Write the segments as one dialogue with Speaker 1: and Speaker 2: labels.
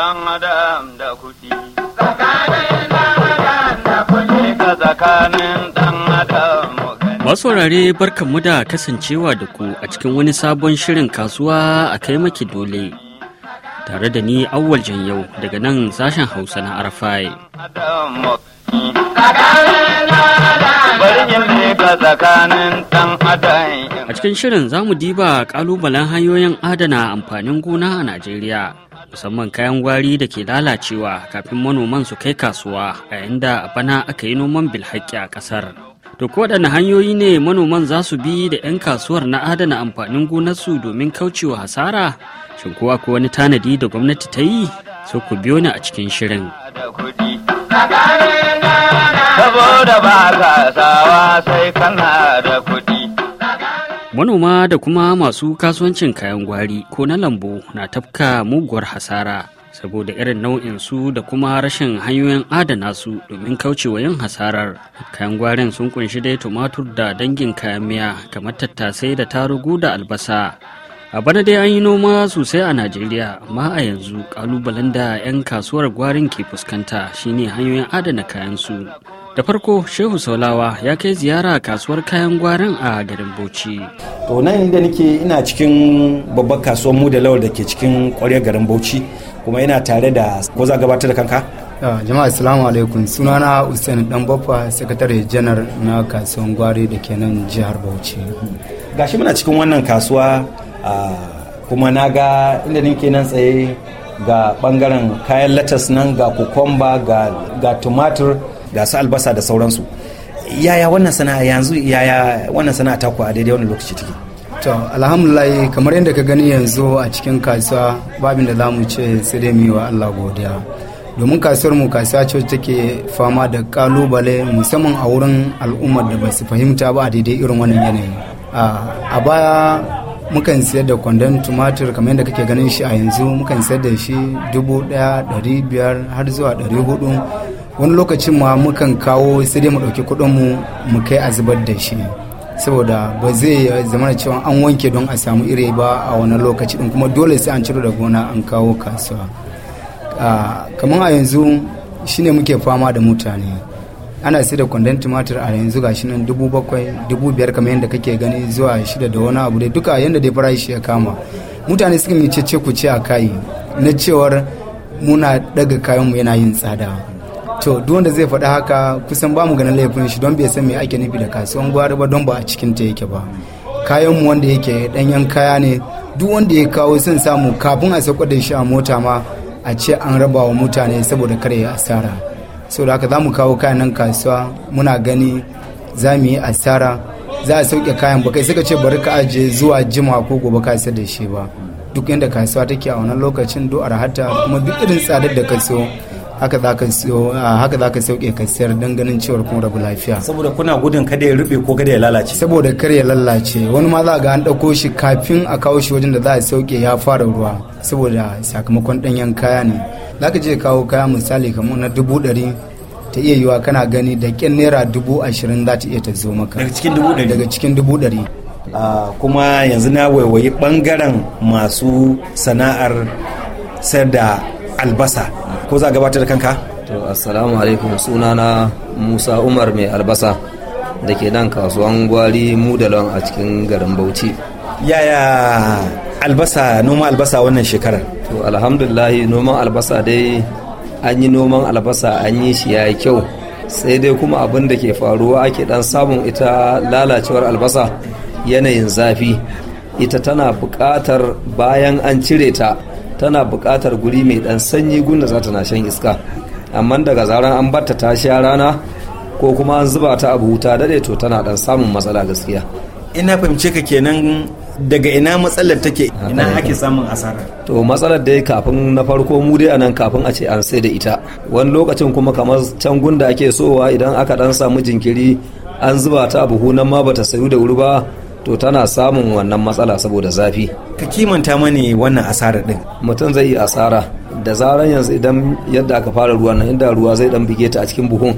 Speaker 1: dan adam da Masu wurare barkanmu da kasancewa da ku a cikin wani sabon shirin kasuwa a kai maki dole. Tare da ni awwal yau daga nan sashen Hausa na Arafai. A cikin shirin za mu diba kalubalen hanyoyin adana amfanin gona a Najeriya. musamman kayan gwari da ke lalacewa kafin manoman su kai kasuwa a da bana aka yi noman bilhaƙi a ƙasar. To waɗanne hanyoyi ne manoman za su bi da 'yan kasuwar na adana amfanin gonar su domin kaucewa hasara? Shin kowa ko wani tanadi da gwamnati ta yi? So ku biyo ni a cikin shirin.
Speaker 2: Saboda ba ka sawa sai kana da kuɗi.
Speaker 1: manoma da kuma masu kasuwancin kayan gwari ko na lambu na tafka muguwar hasara saboda irin nau'in su da kuma rashin hanyoyin adana su domin kaucewa yin hasarar kayan gwarin sun kunshi dai tumatur da dangin kayan miya kamar tattasai da tarugu da albasa a bana dai an yi noma sosai a najeriya amma a yanzu kalubalen da 'yan kasuwar gwarin ke fuskanta shine hanyoyin adana kayan su da farko shehu saulawa ya kai ziyara kasuwar kayan gwaran a garin bauchi
Speaker 3: to nan inda nake ina cikin babbar kasuwar mu da lawal da ke cikin kwaryar garin bauchi kuma ina tare da ko za gabatar da kanka ah, jama'a assalamu alaikum sunana usain dan baffa sakatare janar na kasuwar gwari da ke nan jihar bauchi gashi muna cikin wannan
Speaker 4: kasuwa ah, kuma na ga inda nake nan tsaye ga bangaren kayan latas nan ga kukumba ga tumatur ga su albasa da sauransu
Speaker 3: yaya wannan sana'a yanzu yaya wannan sana'a ta ku a daidai wannan lokaci take to alhamdulillah kamar yadda ka gani yanzu a cikin kasuwa babin da zamu ce sai dai mu yi wa Allah godiya domin kasuwar mu kasuwa ce take fama da kalubale musamman a wurin al'ummar da ba su fahimta ba a daidai irin wannan yanayi a baya mukan sayar da kwandon tumatir kamar yadda kake ganin shi a yanzu mukan sayar da shi dubu daya dari biyar har zuwa dari hudu wani lokacin ma mukan kawo sai dai mu ɗauki kuɗin mu mu kai a zubar da shi saboda ba zai zama da cewa an wanke don a samu iri ba a wani lokaci din kuma dole sai an ciro da gona an kawo kasuwa kamar a yanzu shine muke fama da mutane ana sai da kwandon tumatir a yanzu gashi nan dubu bakwai dubu biyar kamar yadda kake gani zuwa shida da wani abu dai duka yadda dai farashi ya kama mutane suka yi cece ku ce a kayi na cewar muna daga kayanmu yana yin tsada to duk wanda zai faɗi haka kusan ba mu ganin laifin shi don bai san me ake nufi da kasuwan gwari ba don ba a cikin ta yake ba kayan mu wanda yake ɗanyen kaya ne duk wanda ya kawo sun samu kafin a sauko da shi a mota ma a ce an raba wa mutane saboda kare ya asara saboda haka za mu kawo kayan nan kasuwa muna gani za mu yi asara za a sauke kayan ba kai suka ce bari ka aje zuwa jima ko gobe ka sayar da shi ba duk inda kasuwa take a wannan lokacin do arhata kuma duk irin tsadar da ka so haka za ka ka sauke ka sayar don ganin cewar kun rabu lafiya saboda kuna gudun kada
Speaker 2: ya rube ko kada ya lalace
Speaker 3: saboda kar ya lalace wani ma za ga an ɗauko shi kafin a kawo shi wajen da za a sauke ya fara ruwa saboda sakamakon ɗanyen kaya ne za ka je kawo kaya misali kamar na dubu ɗari ta iya yiwa kana gani da ƙyan naira dubu ashirin za ta iya ta zo maka daga cikin dubu ɗari daga cikin dubu ɗari kuma yanzu na waiwayi ɓangaren masu sana'ar sayar da
Speaker 4: albasa ko za a gabatar da kanka to assalamu alaikum sunana musa umar mai albasa da ke nan kasuwan gwari mudalon a cikin garin bauchi yaya albasa noman albasa wannan shekarar to alhamdulahi noman albasa dai an yi noman albasa an yi shi yayi kyau sai dai kuma abin da ke faruwa ake dan samun ita lalacewar albasa yanayin zafi ita tana buƙatar bayan an cire ta tana buƙatar guri mai ɗan sanyi gunda za ta na shan iska amma daga zaran an batta ta sha rana ko kuma an zuba ta abu wuta dade to tana ɗan samun matsala gaskiya ina fahimce ka kenan daga ina matsalar take ina ake samun asara to matsalar dai kafin na farko mu dai anan kafin a ce an sai da ita wani lokacin kuma kamar can gunda ake sowa idan aka dan samu jinkiri an zuba ta a buhu nan ma bata sayu da wuri ba to tana samun wannan matsala saboda zafi ka kimanta mani wannan asarar din mutum zai yi asara da zaran yanzu idan yadda aka fara ruwa nan inda ruwa zai dan bige ta a cikin buhun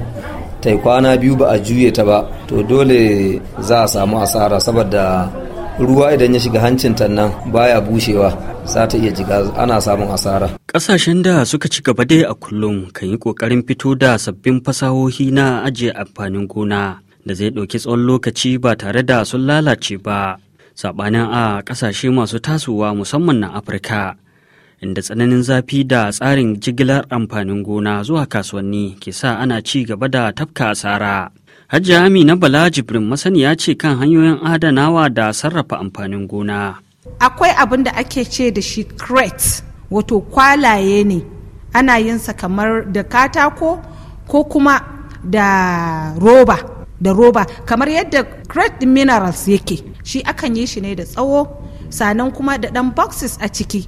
Speaker 4: ta yi kwana biyu ba a juye ta ba to dole za a samu asara saboda ruwa idan ya
Speaker 1: shiga hancin ta nan baya bushewa za ta iya jiga ana samun asara ƙasashen da suka ci gaba dai a kullum kan yi ƙoƙarin fito da sabbin fasahohi na ajiye amfanin gona da zai ɗauki tsawon lokaci ba tare da sun lalace ba saɓanin a ƙasashe masu tasowa musamman na afirka inda tsananin zafi da tsarin jigilar amfanin gona zuwa kasuwanni ke sa ana ci gaba da tafka asara hajji amina bala jibrin masaniya ce kan hanyoyin adanawa da sarrafa amfanin
Speaker 5: gona akwai abin da ake ce da shi crate wato kwalaye ne ana yinsa kamar da katako ko kuma da roba da roba kamar yadda great minerals yake shi akan yi shi ne da tsawo sannan kuma da dan boxes a ciki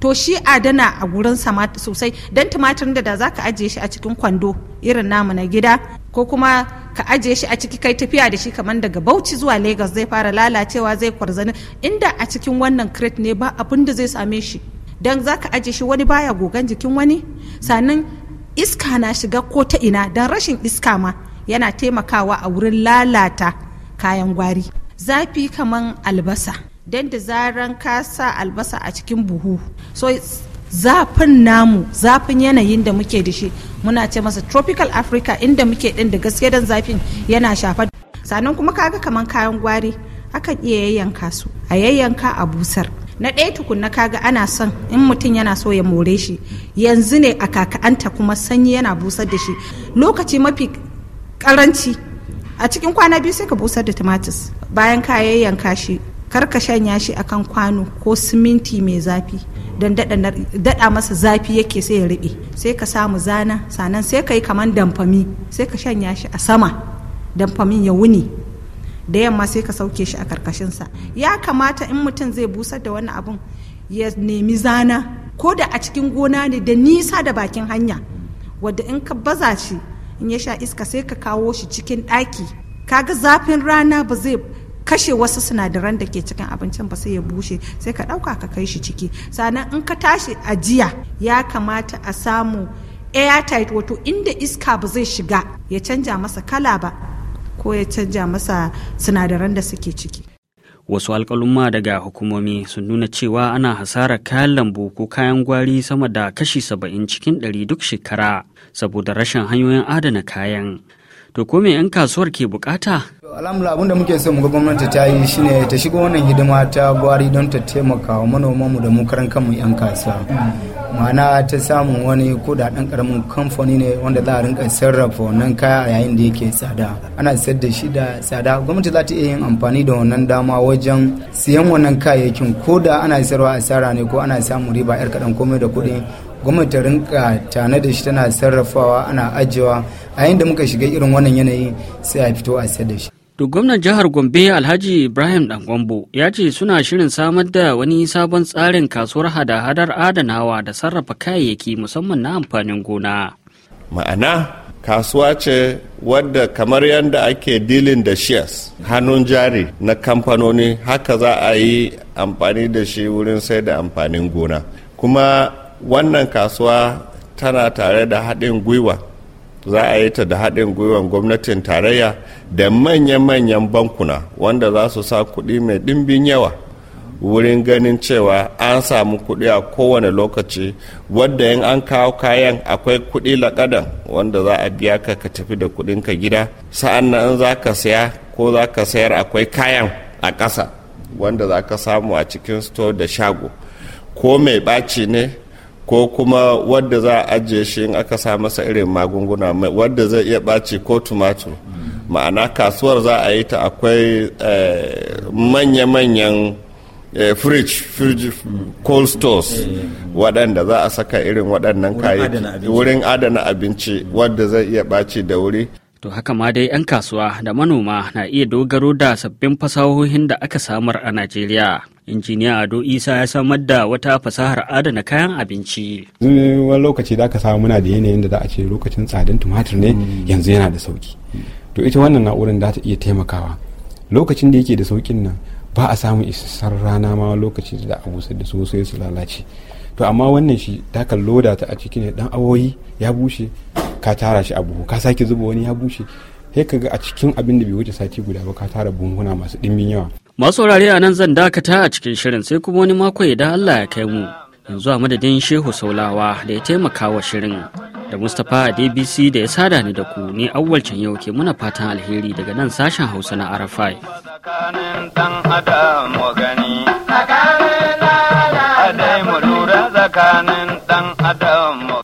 Speaker 5: to shi adana a gurin sosai don tumatirin da da za ka ajiye shi a cikin kwando irin namu na gida ko kuma ka ajiye shi a ciki kai tafiya da shi kamar daga bauchi zuwa lagos zai fara lalacewa zai kwarzani inda a cikin wannan crate ne ba abin da zai same shi don za ka ajiye shi wani baya gogan jikin wani sannan iska na shiga ko ta ina don rashin iska ma yana taimakawa a wurin lalata kayan gwari zafi kaman albasa don da zaran ka sa albasa a cikin buhu so zafin namu zafin yanayin da muke da shi muna ce masa tropical africa inda muke din da gaske don zafin yana shafa sannan kuma kaga kaman kayan gwari akan iya yayyanka su a yayyanka a busar na ɗaya tukunna kaga ana son in mutum yana so ya more shi yanzu ne a kaka'anta kuma sanyi yana busar da shi lokaci mafi karanci a cikin kwana biyu sai ka busar da tumatis bayan ka yayyanka shi kar ka shanya shi akan kwano ko siminti mai zafi don daɗa masa zafi yake sai ya riɓe sai ka samu zana sannan sai ka yi kamar damfami sai ka shanya shi a sama damfamin ya wuni da yamma sai ka sauke shi a karkashinsa ya kamata in mutum zai busar da wani abun ya nemi zana ko da a cikin gona ne da nisa da bakin hanya wadda in ka baza shi in ya sha iska sai ka kawo shi cikin ɗaki kaga zafin rana ba zai kashe wasu sinadaran da ke cikin abincin ba sai ya bushe sai ka ɗauka ka kai shi ciki sannan in ka tashi ajiya ya kamata a samu airtight wato inda iska ba zai shiga ya canja masa kala ba ko ya canja masa sinadaran da suke ciki
Speaker 1: wasu alkalumma daga hukumomi sun nuna cewa ana hasarar kayan lambu ko kayan gwari sama da kashi saba'in cikin ɗari duk shekara saboda rashin hanyoyin adana kayan To ko me 'yan kasuwar ke bukata?
Speaker 3: Alhamdulillah abinda muke so muga gwamnati ta yi shine ta shigo wannan hidima ta gwari don ta taimaka wa mu da mu karan kanmu 'yan kasuwa. Ma'ana ta samun wani ko karamin ƙaramin kamfani ne wanda za a rinka sarrafa wannan kaya a yayin da yake tsada. Ana sayar da shi da tsada. Gwamnati za ta iya yin amfani da wannan dama wajen siyan wannan kayayyakin ko da ana sayarwa asara ne ko ana samun riba 'yar kaɗan komai da kuɗi gwamnati ta rinka tana da shi tana sarrafawa ana ajiyewa a yayin da muka shiga irin wannan yanayi sai a fito a sayar da shi
Speaker 1: To gwamnan jihar Gombe Alhaji Ibrahim Dangombo ya ce suna shirin samar da wani sabon tsarin kasuwar hada-hadar adanawa da sarrafa kayayyaki
Speaker 2: musamman na amfanin gona. Ma'ana kasuwa ce wadda kamar yadda ake dilin da shares hannun jari na kamfanoni haka za a yi amfani da shi wurin sai da amfanin gona. Kuma wannan kasuwa tana tare da haɗin gwiwa za a yi ta da haɗin gwiwan gwamnatin tarayya da manya-manyan bankuna wanda za su sa kuɗi mai ɗimbin yawa wurin ganin cewa an samu kuɗi a kowane lokaci wadda in an kawo kayan akwai kuɗi laƙadan wanda za a biya ka ka tafi da kuɗin ka gida sa'an nan za ka saya ko za ka sayar akwai kayan a ƙasa wanda za ka samu a cikin store da shago ko mai ɓaci ne ko kuma wadda za a ajiye shi in aka sa masa irin magunguna wadda zai iya ɓaci ko tumatur ma'ana kasuwar za a yi ta akwai eh, manya-manyan eh, fridge fridge cold stores eh, waɗanda za a saka irin waɗannan kayayyaki wurin adana abinci wadda zai iya ɓaci da wuri To haka ma dai 'yan
Speaker 1: kasuwa da manoma na iya dogaro da sabbin fasahohin da aka samar a Najeriya. Injiniya Ado Isa ya samar da wata fasahar adana kayan abinci.
Speaker 2: Wani lokaci da aka samu muna da yanayin da za a ce lokacin tsadin tumatir ne mm. yanzu yana da sauki. To ita wannan na'urar za ta iya taimakawa. Lokacin da yake da saukin nan ba a samun isassar rana ma lokaci da a busar da su sai su lalace. To amma wannan shi ta kan loda ta a cikin dan awoyi ya bushe ka tara shi a buhu ka sake zuba wani ya bushe sai ka ga a cikin abin da bai wuce sati guda ba ka tara buhuna masu dimbin yawa
Speaker 1: masu saurare a nan zan dakata a cikin shirin sai kuma wani mako idan Allah ya kai mu yanzu a madadin shehu saulawa da ya taimaka wa shirin da mustapha a dbc da ya sada ni da ku ni awwal can yau ke muna fatan alheri daga nan sashen hausa na arafai
Speaker 3: tsakanin dan adam